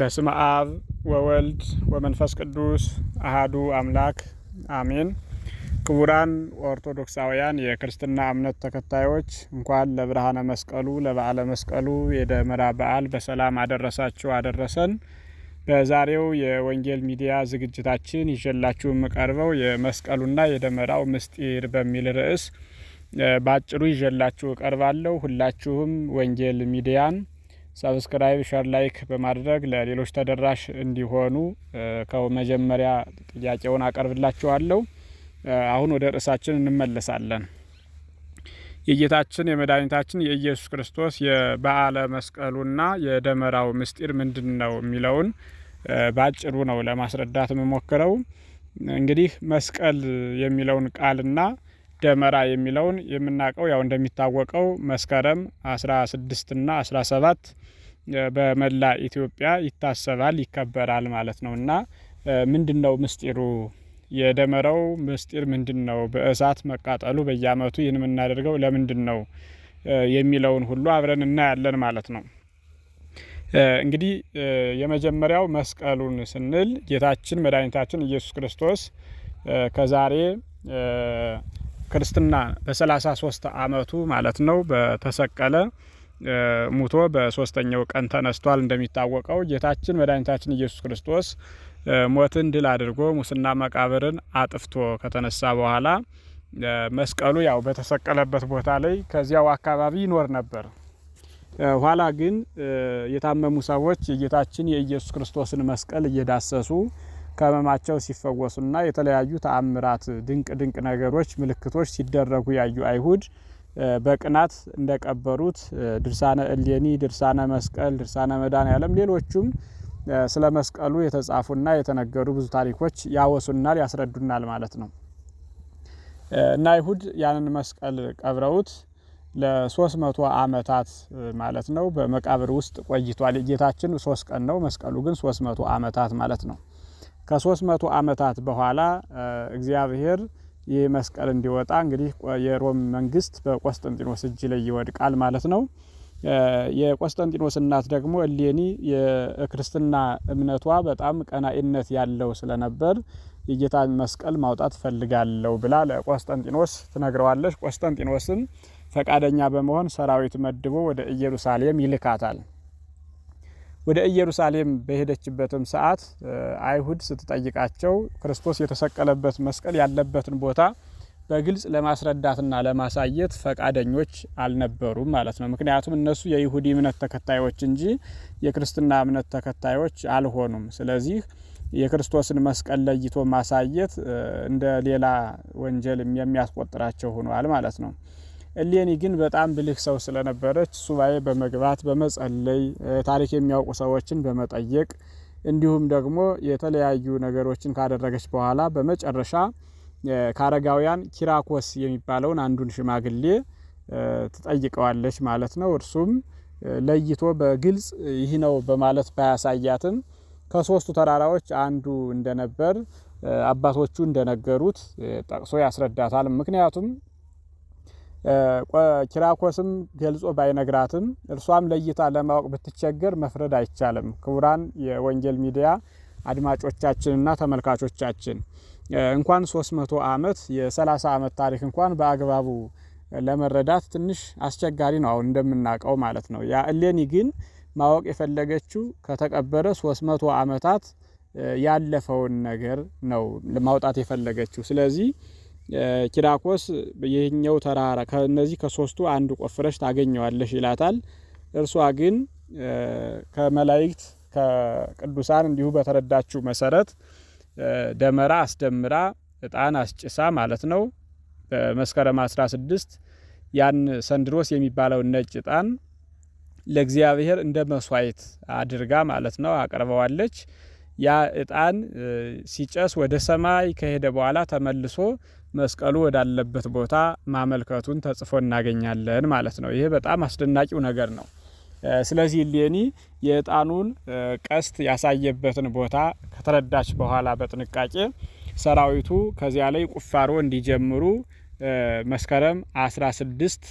በስመ አብ ወወልድ ወመንፈስ ቅዱስ አሃዱ አምላክ አሜን። ክቡራን ኦርቶዶክሳውያን የክርስትና እምነት ተከታዮች እንኳን ለብርሃነ መስቀሉ ለበዓለ መስቀሉ የደመራ በዓል በሰላም አደረሳችሁ አደረሰን። በዛሬው የወንጌል ሚዲያ ዝግጅታችን ይዤላችሁ የምቀርበው የመስቀሉና የደመራው ምስጢር በሚል ርዕስ በአጭሩ ይዤላችሁ እቀርባለሁ። ሁላችሁም ወንጌል ሚዲያን ሰብስክራይብ፣ ሸር፣ ላይክ በማድረግ ለሌሎች ተደራሽ እንዲሆኑ ከመጀመሪያ ጥያቄውን አቀርብላችኋለሁ። አሁን ወደ ርዕሳችን እንመለሳለን። የጌታችን የመድኃኒታችን የኢየሱስ ክርስቶስ የበዓለ መስቀሉና የደመራው ምስጢር ምንድን ነው የሚለውን በአጭሩ ነው ለማስረዳት የምሞክረው። እንግዲህ መስቀል የሚለውን ቃልና ደመራ የሚለውን የምናውቀው ያው እንደሚታወቀው መስከረም 16 እና 17 በመላ ኢትዮጵያ ይታሰባል ይከበራል ማለት ነው። እና ምንድን ነው ምስጢሩ? የደመራው ምስጢር ምንድን ነው? በእሳት መቃጠሉ በየአመቱ ይህን የምናደርገው ለምንድን ነው የሚለውን ሁሉ አብረን እናያለን ማለት ነው። እንግዲህ የመጀመሪያው መስቀሉን ስንል ጌታችን መድኃኒታችን ኢየሱስ ክርስቶስ ከዛሬ ክርስትና በ33 ዓመቱ ማለት ነው በተሰቀለ ሙቶ በሶስተኛው ቀን ተነስቷል። እንደሚታወቀው ጌታችን መድኃኒታችን ኢየሱስ ክርስቶስ ሞትን ድል አድርጎ ሙስና መቃብርን አጥፍቶ ከተነሳ በኋላ መስቀሉ ያው በተሰቀለበት ቦታ ላይ ከዚያው አካባቢ ይኖር ነበር። ኋላ ግን የታመሙ ሰዎች የጌታችን የኢየሱስ ክርስቶስን መስቀል እየዳሰሱ ከህመማቸው ሲፈወሱና የተለያዩ ተአምራት ድንቅ ድንቅ ነገሮች ምልክቶች ሲደረጉ ያዩ አይሁድ በቅናት እንደቀበሩት ድርሳነ እሌኒ፣ ድርሳነ መስቀል፣ ድርሳነ መድኃኔዓለም ሌሎቹም ስለ መስቀሉ የተጻፉና የተነገሩ ብዙ ታሪኮች ያወሱናል፣ ያስረዱናል ማለት ነው። እና አይሁድ ያንን መስቀል ቀብረውት ለሶስት መቶ አመታት ማለት ነው በመቃብር ውስጥ ቆይቷል። ጌታችን ሶስት ቀን ነው መስቀሉ ግን ሶስት መቶ አመታት ማለት ነው። ከሶስት መቶ ዓመታት በኋላ እግዚአብሔር ይህ መስቀል እንዲወጣ እንግዲህ የሮም መንግስት በቆስጠንጢኖስ እጅ ላይ ይወድቃል ማለት ነው። የቆስጠንጢኖስ እናት ደግሞ እሌኒ የክርስትና እምነቷ በጣም ቀናኢነት ያለው ስለነበር የጌታን መስቀል ማውጣት ፈልጋለው ብላ ለቆስጠንጢኖስ ትነግረዋለች። ቆስጠንጢኖስም ፈቃደኛ በመሆን ሰራዊት መድቦ ወደ ኢየሩሳሌም ይልካታል። ወደ ኢየሩሳሌም በሄደችበትም ሰዓት አይሁድ ስትጠይቃቸው ክርስቶስ የተሰቀለበት መስቀል ያለበትን ቦታ በግልጽ ለማስረዳትና ለማሳየት ፈቃደኞች አልነበሩም ማለት ነው። ምክንያቱም እነሱ የይሁዲ እምነት ተከታዮች እንጂ የክርስትና እምነት ተከታዮች አልሆኑም። ስለዚህ የክርስቶስን መስቀል ለይቶ ማሳየት እንደ ሌላ ወንጀል የሚያስቆጥራቸው ሆኗል ማለት ነው። እሌኒ ግን በጣም ብልህ ሰው ስለነበረች ሱባኤ በመግባት በመጸለይ ታሪክ የሚያውቁ ሰዎችን በመጠየቅ እንዲሁም ደግሞ የተለያዩ ነገሮችን ካደረገች በኋላ በመጨረሻ ከአረጋውያን ኪራኮስ የሚባለውን አንዱን ሽማግሌ ትጠይቀዋለች ማለት ነው። እርሱም ለይቶ በግልጽ ይህ ነው በማለት ባያሳያትም ከሶስቱ ተራራዎች አንዱ እንደነበር አባቶቹ እንደነገሩት ጠቅሶ ያስረዳታል። ምክንያቱም ኪራኮስም ገልጾ ባይነግራትም እርሷም ለይታ ለማወቅ ብትቸገር መፍረድ አይቻልም። ክቡራን የወንጌል ሚዲያ አድማጮቻችንና ተመልካቾቻችን እንኳን 300 ዓመት የ30 ዓመት ታሪክ እንኳን በአግባቡ ለመረዳት ትንሽ አስቸጋሪ ነው፣ አሁን እንደምናውቀው ማለት ነው። ያ እሌኒ ግን ማወቅ የፈለገችው ከተቀበረ 300 ዓመታት ያለፈውን ነገር ነው ማውጣት የፈለገችው። ስለዚህ ኪራኮስ ይህኛው ተራራ ከእነዚህ ከሶስቱ አንዱ ቆፍረሽ ታገኘዋለሽ ይላታል። እርሷ ግን ከመላይክት ከቅዱሳን እንዲሁ በተረዳችው መሰረት ደመራ አስደምራ እጣን አስጭሳ ማለት ነው። በመስከረም 16 ያን ሰንድሮስ የሚባለውን ነጭ እጣን ለእግዚአብሔር እንደ መስዋዕት አድርጋ ማለት ነው አቅርበዋለች። ያ እጣን ሲጨስ ወደ ሰማይ ከሄደ በኋላ ተመልሶ መስቀሉ ወዳለበት ቦታ ማመልከቱን ተጽፎ እናገኛለን ማለት ነው። ይሄ በጣም አስደናቂው ነገር ነው። ስለዚህ እሌኒ የዕጣኑን ቀስት ያሳየበትን ቦታ ከተረዳች በኋላ በጥንቃቄ ሰራዊቱ ከዚያ ላይ ቁፋሮ እንዲጀምሩ መስከረም 16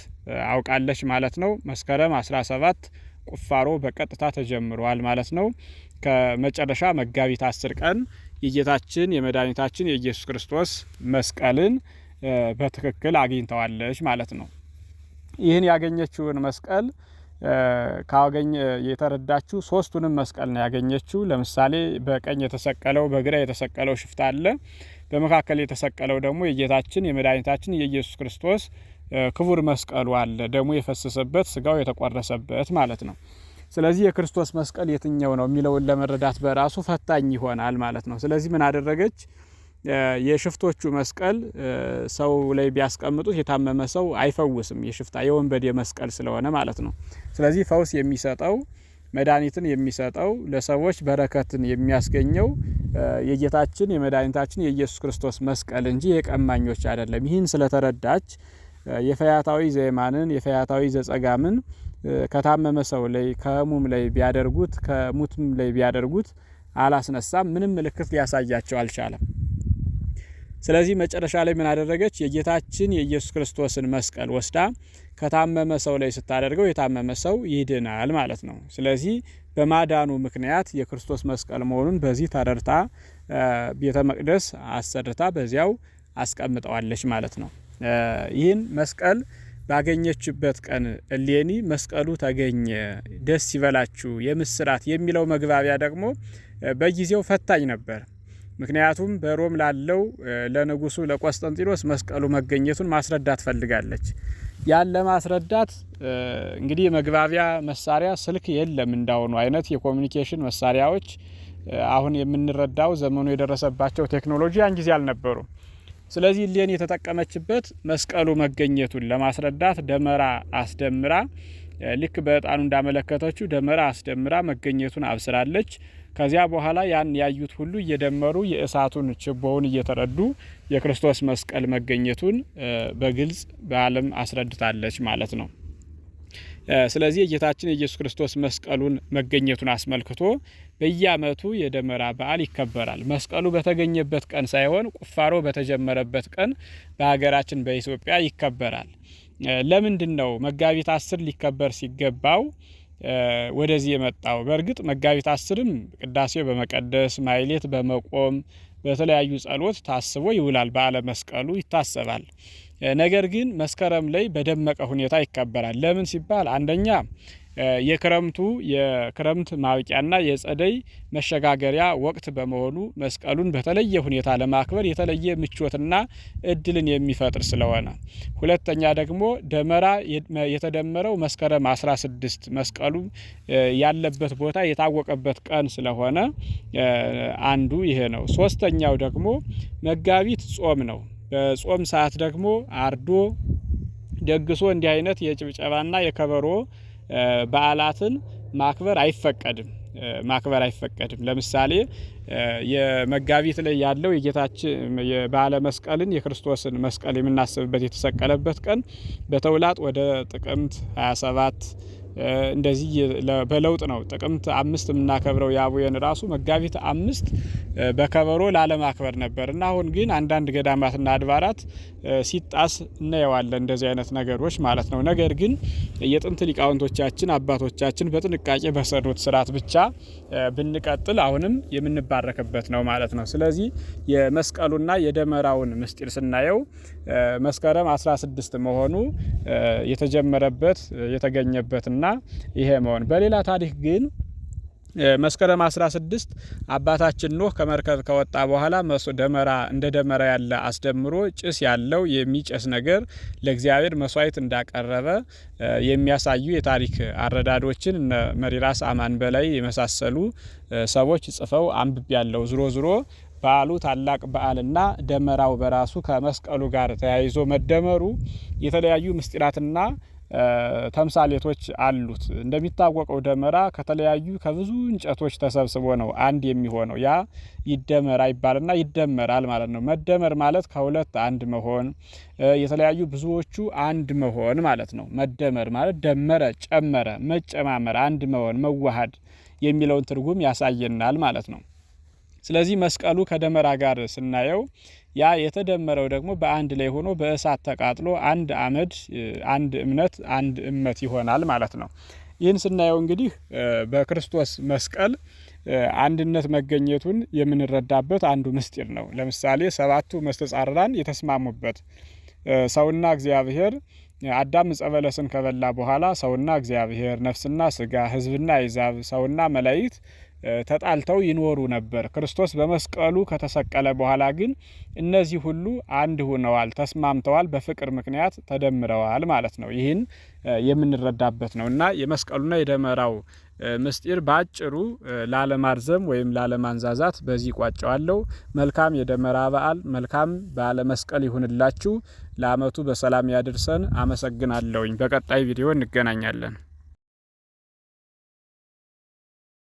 አውቃለች ማለት ነው። መስከረም 17 ቁፋሮ በቀጥታ ተጀምሯል ማለት ነው። ከመጨረሻ መጋቢት 10 ቀን የጌታችን የመድኃኒታችን የኢየሱስ ክርስቶስ መስቀልን በትክክል አግኝተዋለች ማለት ነው። ይህን ያገኘችውን መስቀል ካገኘ የተረዳችው ሶስቱንም መስቀል ነው ያገኘችው። ለምሳሌ በቀኝ የተሰቀለው፣ በግራ የተሰቀለው ሽፍታ አለ። በመካከል የተሰቀለው ደግሞ የጌታችን የመድኃኒታችን የኢየሱስ ክርስቶስ ክቡር መስቀሉ አለ፣ ደግሞ የፈሰሰበት ስጋው የተቆረሰበት ማለት ነው። ስለዚህ የክርስቶስ መስቀል የትኛው ነው የሚለውን ለመረዳት በራሱ ፈታኝ ይሆናል ማለት ነው። ስለዚህ ምን አደረገች? የሽፍቶቹ መስቀል ሰው ላይ ቢያስቀምጡት የታመመ ሰው አይፈውስም፣ የሽፍታ የወንበዴ መስቀል ስለሆነ ማለት ነው። ስለዚህ ፈውስ የሚሰጠው መድኃኒትን የሚሰጠው ለሰዎች በረከትን የሚያስገኘው የጌታችን የመድኃኒታችን የኢየሱስ ክርስቶስ መስቀል እንጂ የቀማኞች አይደለም። ይህን ስለተረዳች የፈያታዊ ዘየማንን የፈያታዊ ዘጸጋምን ከታመመ ሰው ላይ ከህሙም ላይ ቢያደርጉት ከሙትም ላይ ቢያደርጉት አላስነሳም። ምንም ምልክት ሊያሳያቸው አልቻለም። ስለዚህ መጨረሻ ላይ ምን አደረገች? የጌታችን የኢየሱስ ክርስቶስን መስቀል ወስዳ ከታመመ ሰው ላይ ስታደርገው የታመመ ሰው ይድናል ማለት ነው። ስለዚህ በማዳኑ ምክንያት የክርስቶስ መስቀል መሆኑን በዚህ ተረድታ ቤተ መቅደስ አሰርታ በዚያው አስቀምጠዋለች ማለት ነው። ይህን መስቀል ባገኘችበት ቀን እሌኒ መስቀሉ ተገኘ፣ ደስ ይበላችሁ የምስራት የሚለው መግባቢያ ደግሞ በጊዜው ፈታኝ ነበር። ምክንያቱም በሮም ላለው ለንጉሱ ለቆስጠንጢኖስ መስቀሉ መገኘቱን ማስረዳት ፈልጋለች። ያን ለማስረዳት እንግዲህ መግባቢያ መሳሪያ ስልክ የለም። እንዳሁኑ አይነት የኮሚኒኬሽን መሳሪያዎች አሁን የምንረዳው ዘመኑ የደረሰባቸው ቴክኖሎጂ ያን ጊዜ አልነበሩም። ስለዚህ እሌን የተጠቀመችበት መስቀሉ መገኘቱን ለማስረዳት ደመራ አስደምራ ልክ በእጣኑ እንዳመለከተችው ደመራ አስደምራ መገኘቱን አብስራለች። ከዚያ በኋላ ያን ያዩት ሁሉ እየደመሩ የእሳቱን ችቦውን እየተረዱ የክርስቶስ መስቀል መገኘቱን በግልጽ በዓለም አስረድታለች ማለት ነው። ስለዚህ የጌታችን የኢየሱስ ክርስቶስ መስቀሉን መገኘቱን አስመልክቶ በየዓመቱ የደመራ በዓል ይከበራል። መስቀሉ በተገኘበት ቀን ሳይሆን ቁፋሮ በተጀመረበት ቀን በሀገራችን በኢትዮጵያ ይከበራል። ለምንድን ነው መጋቢት አስር ሊከበር ሲገባው ወደዚህ የመጣው? በእርግጥ መጋቢት አስርም ቅዳሴው በመቀደስ ማይሌት በመቆም በተለያዩ ጸሎት ታስቦ ይውላል። በዓለ መስቀሉ ይታሰባል። ነገር ግን መስከረም ላይ በደመቀ ሁኔታ ይከበራል። ለምን ሲባል አንደኛ የክረምቱ የክረምት ማብቂያና የጸደይ መሸጋገሪያ ወቅት በመሆኑ መስቀሉን በተለየ ሁኔታ ለማክበር የተለየ ምቾትና እድልን የሚፈጥር ስለሆነ፣ ሁለተኛ ደግሞ ደመራ የተደመረው መስከረም 16 መስቀሉ ያለበት ቦታ የታወቀበት ቀን ስለሆነ አንዱ ይሄ ነው። ሶስተኛው ደግሞ መጋቢት ጾም ነው። በጾም ሰዓት ደግሞ አርዶ ደግሶ እንዲህ አይነት የጭብጨባና የከበሮ በዓላትን ማክበር አይፈቀድም ማክበር አይፈቀድም። ለምሳሌ የመጋቢት ላይ ያለው የጌታችን የባለ መስቀልን የክርስቶስን መስቀል የምናስብበት የተሰቀለበት ቀን በተውላጥ ወደ ጥቅምት 27 እንደዚህ በለውጥ ነው። ጥቅምት አምስት የምናከብረው የአቡየን ራሱ መጋቢት አምስት በከበሮ ላለማክበር ነበር እና አሁን ግን አንዳንድ ገዳማትና አድባራት ሲጣስ እናየዋለን እንደዚህ አይነት ነገሮች ማለት ነው። ነገር ግን የጥንት ሊቃውንቶቻችን አባቶቻችን በጥንቃቄ በሰሩት ስርዓት ብቻ ብንቀጥል አሁንም የምንባረክበት ነው ማለት ነው። ስለዚህ የመስቀሉና የደመራውን ምስጢር ስናየው መስከረም 16 መሆኑ የተጀመረበት የተገኘበትና ይሄ መሆን በሌላ ታሪክ ግን መስከረም 16 አባታችን ኖህ ከመርከብ ከወጣ በኋላ ደመራ እንደ ደመራ ያለ አስደምሮ ጭስ ያለው የሚጨስ ነገር ለእግዚአብሔር መስዋዕት እንዳቀረበ የሚያሳዩ የታሪክ አረዳዶችን መሪራስ አማን በላይ የመሳሰሉ ሰዎች ጽፈው አንብቤ ያለው ዝሮ ዝሮ በዓሉ ታላቅ በዓልና ደመራው በራሱ ከመስቀሉ ጋር ተያይዞ መደመሩ የተለያዩ ምስጢራትና ተምሳሌቶች አሉት። እንደሚታወቀው ደመራ ከተለያዩ ከብዙ እንጨቶች ተሰብስቦ ነው አንድ የሚሆነው። ያ ይደመራ ይባልና ይደመራል ማለት ነው። መደመር ማለት ከሁለት አንድ መሆን፣ የተለያዩ ብዙዎቹ አንድ መሆን ማለት ነው። መደመር ማለት ደመረ፣ ጨመረ፣ መጨማመር፣ አንድ መሆን፣ መዋሃድ የሚለውን ትርጉም ያሳየናል ማለት ነው። ስለዚህ መስቀሉ ከደመራ ጋር ስናየው ያ የተደመረው ደግሞ በአንድ ላይ ሆኖ በእሳት ተቃጥሎ አንድ አመድ፣ አንድ እምነት፣ አንድ እመት ይሆናል ማለት ነው። ይህን ስናየው እንግዲህ በክርስቶስ መስቀል አንድነት መገኘቱን የምንረዳበት አንዱ ምስጢር ነው። ለምሳሌ ሰባቱ መስተጻርራን የተስማሙበት ሰውና እግዚአብሔር አዳም ዕፀ በለስን ከበላ በኋላ ሰውና እግዚአብሔር፣ ነፍስና ስጋ፣ ህዝብና አሕዛብ፣ ሰውና መላእክት ተጣልተው ይኖሩ ነበር። ክርስቶስ በመስቀሉ ከተሰቀለ በኋላ ግን እነዚህ ሁሉ አንድ ሆነዋል፣ ተስማምተዋል፣ በፍቅር ምክንያት ተደምረዋል ማለት ነው። ይህን የምንረዳበት ነው እና የመስቀሉና የደመራው ምስጢር በአጭሩ ላለማርዘም ወይም ላለማንዛዛት በዚህ ቋጨዋለሁ። መልካም የደመራ በዓል፣ መልካም በዓለ መስቀል ይሁንላችሁ። ለዓመቱ በሰላም ያድርሰን። አመሰግናለሁኝ። በቀጣይ ቪዲዮ እንገናኛለን።